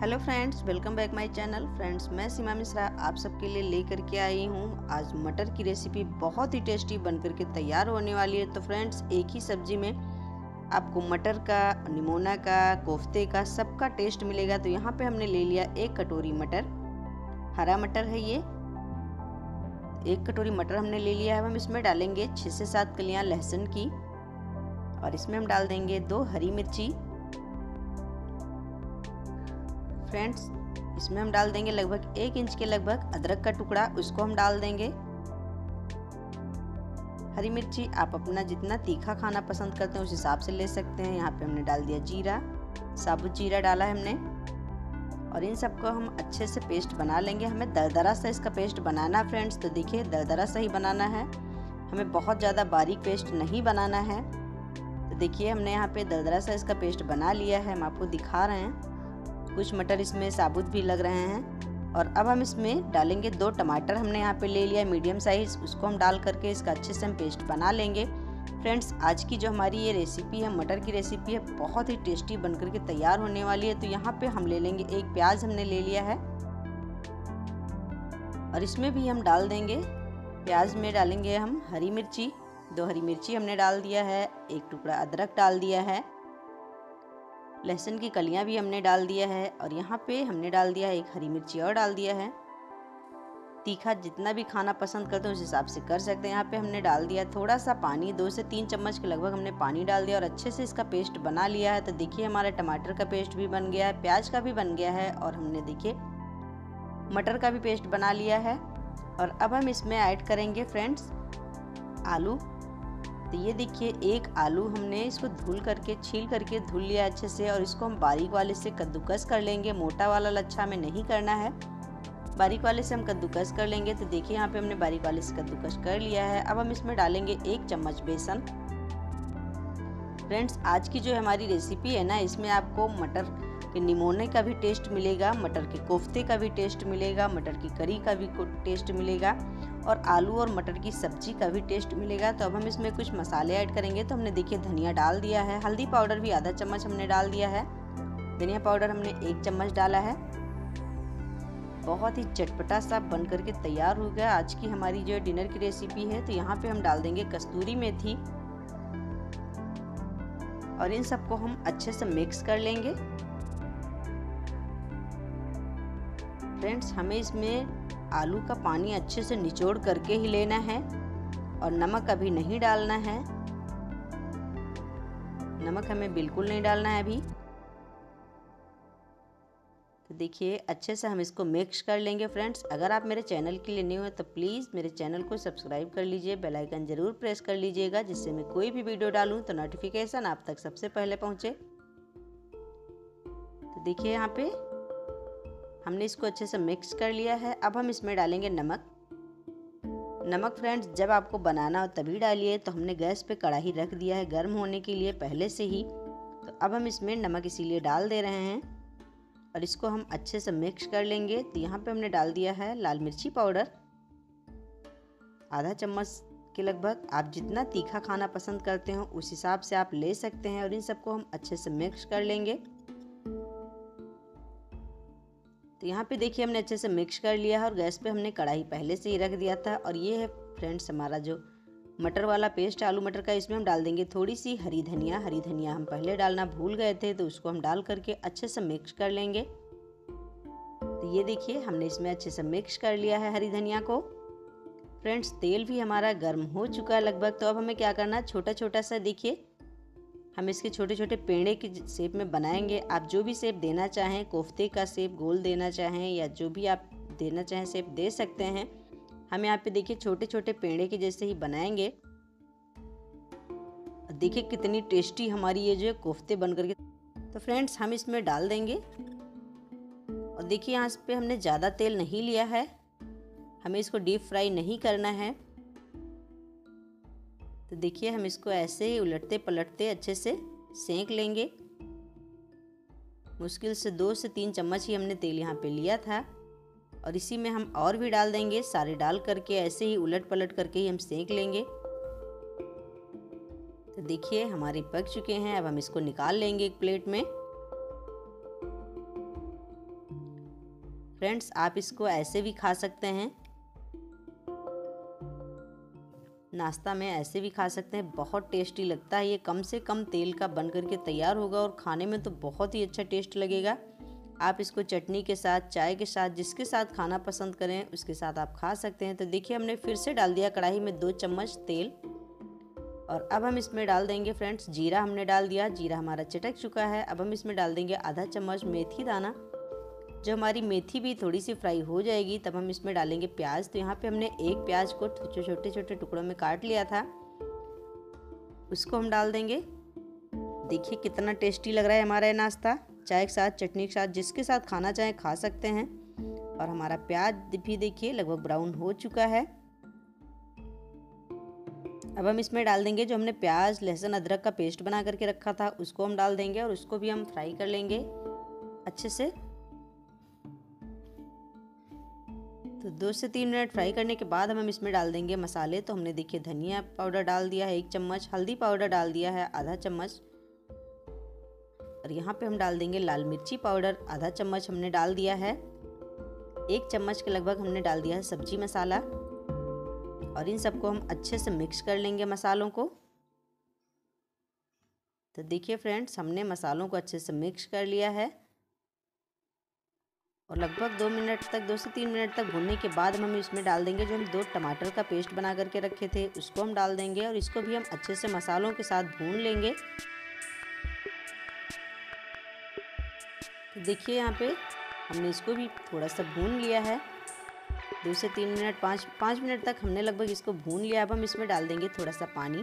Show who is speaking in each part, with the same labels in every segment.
Speaker 1: hello friends welcome back my channel friends मैं सीमा मिश्रा आप सबके लिए लेकर के आई हूँ आज मटर की रेसिपी बहुत ही टेस्टी बन करके तैयार होने वाली है तो फ्रेंड्स एक ही सब्जी में आपको मटर का निमोना का कोफ्ते का सबका टेस्ट मिलेगा तो यहाँ पे हमने ले लिया एक कटोरी मटर हरा मटर है ये एक कटोरी मटर हमने ले लिया है हम इसमें डालेंगे छः से सात कलियाँ लहसुन की और इसमें हम डाल देंगे दो हरी मिर्ची फ्रेंड्स इसमें हम डाल देंगे लगभग एक इंच के लगभग अदरक का टुकड़ा उसको हम डाल देंगे हरी मिर्ची आप अपना जितना तीखा खाना पसंद करते हैं उस हिसाब से ले सकते हैं यहाँ पे हमने डाल दिया जीरा साबुत जीरा डाला है हमने और इन सबको हम अच्छे से पेस्ट बना लेंगे हमें दरदरा सा इसका पेस्ट बनाना फ्रेंड्स तो देखिए दरदरा सा ही बनाना है हमें बहुत ज़्यादा बारीक पेस्ट नहीं बनाना है तो देखिए हमने यहाँ पे दरदरा सा इसका पेस्ट बना लिया है हम आपको दिखा रहे हैं कुछ मटर इसमें साबुत भी लग रहे हैं और अब हम इसमें डालेंगे दो टमाटर हमने यहाँ पे ले लिया मीडियम साइज़ उसको हम डाल करके इसका अच्छे से हम पेस्ट बना लेंगे फ्रेंड्स आज की जो हमारी ये रेसिपी है मटर की रेसिपी है बहुत ही टेस्टी बन करके तैयार होने वाली है तो यहाँ पे हम ले लेंगे एक प्याज हमने ले लिया है और इसमें भी हम डाल देंगे प्याज में डालेंगे हम हरी मिर्ची दो हरी मिर्ची हमने डाल दिया है एक टुकड़ा अदरक डाल दिया है लहसुन की कलियाँ भी हमने डाल दिया है और यहाँ पे हमने डाल दिया है एक हरी मिर्ची और डाल दिया है तीखा जितना भी खाना पसंद करते हैं उस हिसाब से कर सकते हैं यहाँ पे हमने डाल दिया थोड़ा सा पानी दो से तीन चम्मच के लगभग हमने पानी डाल दिया और अच्छे से इसका पेस्ट बना लिया है तो देखिए हमारा टमाटर का पेस्ट भी बन गया है प्याज का भी बन गया है और हमने देखिए मटर का भी पेस्ट बना लिया है और अब हम इसमें ऐड करेंगे फ्रेंड्स आलू तो ये देखिए एक आलू हमने इसको धुल करके छील करके धुल लिया अच्छे से और इसको हम बारीक वाले से कद्दूकस कर लेंगे मोटा वाला लच्छा हमें नहीं करना है बारीक वाले से हम कद्दूकस कर लेंगे तो देखिए यहाँ पे हमने बारीक वाले से कद्दूकस कर लिया है अब हम इसमें डालेंगे एक चम्मच बेसन फ्रेंड्स आज की जो हमारी रेसिपी है ना इसमें आपको मटर के निमोने का भी टेस्ट मिलेगा मटर के कोफ्ते का भी टेस्ट मिलेगा मटर की करी का भी टेस्ट मिलेगा और आलू और मटर की सब्जी का भी टेस्ट मिलेगा तो अब हम इसमें कुछ मसाले ऐड करेंगे तो हमने देखिए धनिया डाल दिया है हल्दी पाउडर भी आधा चम्मच हमने डाल दिया है धनिया पाउडर हमने एक चम्मच डाला है बहुत ही चटपटा सा बन करके तैयार हो गया आज की हमारी जो डिनर की रेसिपी है तो यहाँ पे हम डाल देंगे कस्तूरी मेथी और इन सबको हम अच्छे से मिक्स कर लेंगे फ्रेंड्स हमें इसमें आलू का पानी अच्छे से निचोड़ करके ही लेना है और नमक अभी नहीं डालना है नमक हमें बिल्कुल नहीं डालना है अभी देखिए अच्छे से हम इसको मिक्स कर लेंगे फ्रेंड्स अगर आप मेरे चैनल के लिए नहीं हो तो प्लीज़ मेरे चैनल को सब्सक्राइब कर लीजिए बेल आइकन ज़रूर प्रेस कर लीजिएगा जिससे मैं कोई भी वीडियो डालूँ तो नोटिफिकेशन आप तक सबसे पहले पहुँचे तो देखिए यहाँ पे हमने इसको अच्छे से मिक्स कर लिया है अब हम इसमें डालेंगे नमक नमक फ्रेंड्स जब आपको बनाना हो तभी डालिए तो हमने गैस पे कढ़ाई रख दिया है गर्म होने के लिए पहले से ही तो अब हम इसमें नमक इसीलिए डाल दे रहे हैं और इसको हम अच्छे से मिक्स कर लेंगे तो यहाँ पे हमने डाल दिया है लाल मिर्ची पाउडर आधा चम्मच के लगभग आप जितना तीखा खाना पसंद करते हो उस हिसाब से आप ले सकते हैं और इन सबको हम अच्छे से मिक्स कर लेंगे तो यहाँ पे देखिए हमने अच्छे से मिक्स कर लिया है और गैस पे हमने कढ़ाई पहले से ही रख दिया था और ये है फ्रेंड्स हमारा जो मटर वाला पेस्ट आलू मटर का इसमें हम डाल देंगे थोड़ी सी हरी धनिया हरी धनिया हम पहले डालना भूल गए थे तो उसको हम डाल करके अच्छे से मिक्स कर लेंगे तो ये देखिए हमने इसमें अच्छे से मिक्स कर लिया है हरी धनिया को फ्रेंड्स तेल भी हमारा गर्म हो चुका है लगभग तो अब हमें क्या करना छोटा छोटा सा देखिए हम इसके छोटे छोटे पेड़े के सेप में बनाएंगे आप जो भी सेप देना चाहें कोफ्ते का सेप गोल देना चाहें या जो भी आप देना चाहें सेप दे सकते हैं हम यहाँ पे देखिए छोटे छोटे पेड़े के जैसे ही बनाएंगे देखिए कितनी टेस्टी हमारी ये जो है कोफ्ते बन करके तो फ्रेंड्स हम इसमें डाल देंगे और देखिए यहाँ इस पर हमने ज़्यादा तेल नहीं लिया है हमें इसको डीप फ्राई नहीं करना है तो देखिए हम इसको ऐसे ही उलटते पलटते अच्छे से सेंक लेंगे मुश्किल से दो से तीन चम्मच ही हमने तेल यहाँ पे लिया था और इसी में हम और भी डाल देंगे सारे डाल करके ऐसे ही उलट पलट करके ही हम सेंक लेंगे तो देखिए हमारे पक चुके हैं अब हम इसको निकाल लेंगे एक प्लेट में फ्रेंड्स आप इसको ऐसे भी खा सकते हैं नाश्ता में ऐसे भी खा सकते हैं बहुत टेस्टी लगता है ये कम से कम तेल का बन करके तैयार होगा और खाने में तो बहुत ही अच्छा टेस्ट लगेगा आप इसको चटनी के साथ चाय के साथ जिसके साथ खाना पसंद करें उसके साथ आप खा सकते हैं तो देखिए हमने फिर से डाल दिया कढ़ाई में दो चम्मच तेल और अब हम इसमें डाल देंगे फ्रेंड्स जीरा हमने डाल दिया जीरा हमारा चटक चुका है अब हम इसमें डाल देंगे आधा चम्मच मेथी दाना जब हमारी मेथी भी थोड़ी सी फ्राई हो जाएगी तब हम इसमें डालेंगे प्याज तो यहाँ पे हमने एक प्याज को छोटे छोटे टुकड़ों में काट लिया था उसको हम डाल देंगे देखिए कितना टेस्टी लग रहा है हमारा ये नाश्ता चाय के साथ चटनी के साथ जिसके साथ खाना चाहें खा सकते हैं और हमारा प्याज भी देखिए लगभग ब्राउन हो चुका है अब हम इसमें डाल देंगे जो हमने प्याज लहसुन अदरक का पेस्ट बना करके रखा था उसको हम डाल देंगे और उसको भी हम फ्राई कर लेंगे अच्छे से तो दो से तीन मिनट फ्राई करने के बाद हम हम इसमें डाल देंगे मसाले तो हमने देखिए धनिया पाउडर डाल दिया है एक चम्मच हल्दी पाउडर डाल दिया है आधा चम्मच और यहाँ पे हम डाल देंगे लाल मिर्ची पाउडर आधा चम्मच हमने डाल दिया है एक चम्मच के लगभग हमने डाल दिया है सब्जी मसाला और इन सबको हम अच्छे से मिक्स कर लेंगे मसालों को तो देखिए फ्रेंड्स हमने मसालों को अच्छे से मिक्स कर लिया है और लगभग दो मिनट तक दो से तीन मिनट तक भूनने के बाद हम इसमें डाल देंगे जो हम दो टमाटर का पेस्ट बना करके रखे थे उसको हम डाल देंगे और इसको भी हम अच्छे से मसालों के साथ भून लेंगे देखिए यहाँ पे हमने इसको भी थोड़ा सा भून लिया है दो से तीन मिनट पाँच पाँच मिनट तक हमने लगभग इसको भून लिया अब हम इसमें डाल देंगे थोड़ा सा पानी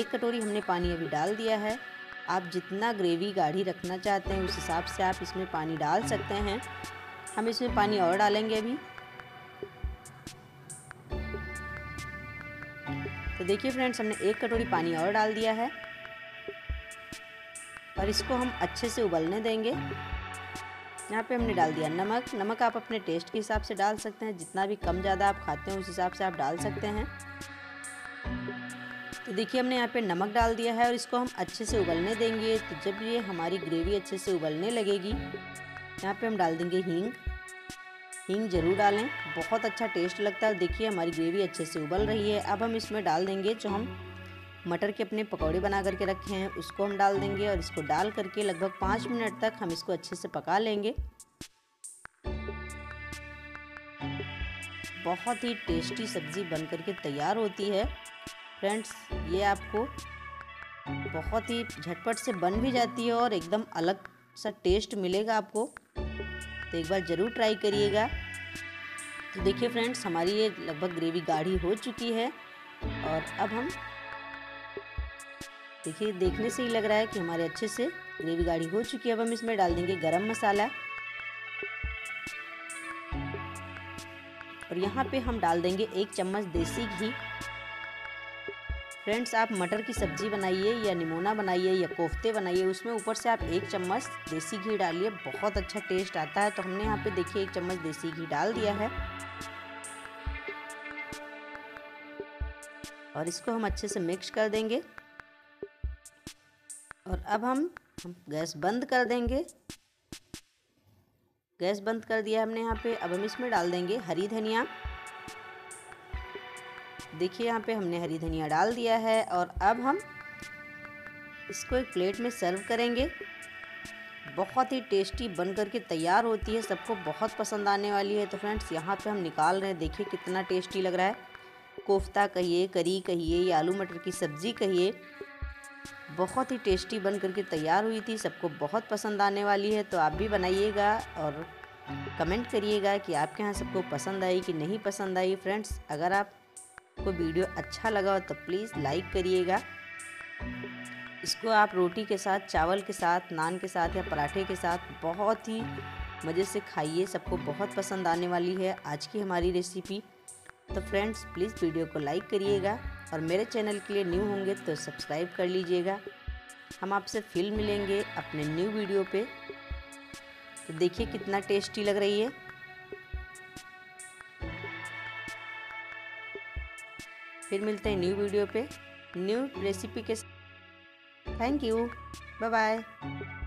Speaker 1: एक कटोरी हमने पानी अभी डाल दिया है आप जितना ग्रेवी गाढ़ी रखना चाहते हैं उस हिसाब से आप इसमें पानी डाल सकते हैं हम इसमें पानी और डालेंगे अभी तो देखिए फ्रेंड्स हमने एक कटोरी पानी और डाल दिया है और इसको हम अच्छे से उबलने देंगे यहाँ पे हमने डाल दिया नमक नमक आप अपने टेस्ट के हिसाब से डाल सकते हैं जितना भी कम ज़्यादा आप खाते हैं उस हिसाब से आप डाल सकते हैं तो देखिए हमने यहाँ पे नमक डाल दिया है और इसको हम अच्छे से उबलने देंगे तो जब ये हमारी ग्रेवी अच्छे से उबलने लगेगी यहाँ पे हम डाल देंगे हींग हींग जरूर डालें बहुत अच्छा टेस्ट लगता है देखिए हमारी ग्रेवी अच्छे से उबल रही है अब हम इसमें डाल देंगे जो हम मटर के अपने पकौड़े बना करके रखे हैं उसको हम डाल देंगे और इसको डाल करके लगभग पाँच मिनट तक हम इसको अच्छे से पका लेंगे बहुत ही टेस्टी सब्ज़ी बन करके तैयार होती है फ्रेंड्स ये आपको बहुत ही झटपट से बन भी जाती है और एकदम अलग सा टेस्ट मिलेगा आपको तो एक बार ज़रूर ट्राई करिएगा तो देखिए फ्रेंड्स हमारी ये लगभग ग्रेवी गाढ़ी हो चुकी है और अब हम देखिए देखने से ही लग रहा है कि हमारे अच्छे से ग्रेवी गाढ़ी हो चुकी है अब हम इसमें डाल देंगे गरम मसाला और यहाँ पे हम डाल देंगे एक चम्मच देसी घी फ्रेंड्स आप मटर की सब्जी बनाइए या निमोना बनाइए या कोफ्ते बनाइए उसमें ऊपर से आप एक चम्मच देसी घी डालिए बहुत अच्छा टेस्ट आता है तो हमने यहाँ पे देखिए एक चम्मच देसी घी डाल दिया है और इसको हम अच्छे से मिक्स कर देंगे और अब हम गैस बंद कर देंगे गैस बंद कर दिया हमने यहाँ पे अब हम इसमें डाल देंगे हरी धनिया देखिए यहाँ पे हमने हरी धनिया डाल दिया है और अब हम इसको एक प्लेट में सर्व करेंगे बहुत ही टेस्टी बन कर के तैयार होती है सबको बहुत पसंद आने वाली है तो फ्रेंड्स यहाँ पे हम निकाल रहे हैं देखिए कितना टेस्टी लग रहा है कोफ्ता कहिए करी कहिए या आलू मटर की सब्ज़ी कहिए बहुत ही टेस्टी बन करके तैयार हुई थी सबको बहुत पसंद आने वाली है तो आप भी बनाइएगा और कमेंट करिएगा कि आपके यहाँ सबको पसंद आई कि नहीं पसंद आई फ्रेंड्स अगर आपको वीडियो अच्छा लगा हो तो प्लीज़ लाइक करिएगा इसको आप रोटी के साथ चावल के साथ नान के साथ या पराठे के साथ बहुत ही मज़े से खाइए सबको बहुत पसंद आने वाली है आज की हमारी रेसिपी तो फ्रेंड्स प्लीज़ वीडियो को लाइक करिएगा और मेरे चैनल के लिए न्यू होंगे तो सब्सक्राइब कर लीजिएगा हम आपसे फिर मिलेंगे अपने न्यू वीडियो पे तो देखिए कितना टेस्टी लग रही है फिर मिलते हैं न्यू वीडियो पे न्यू रेसिपी के थैंक यू बाय बाय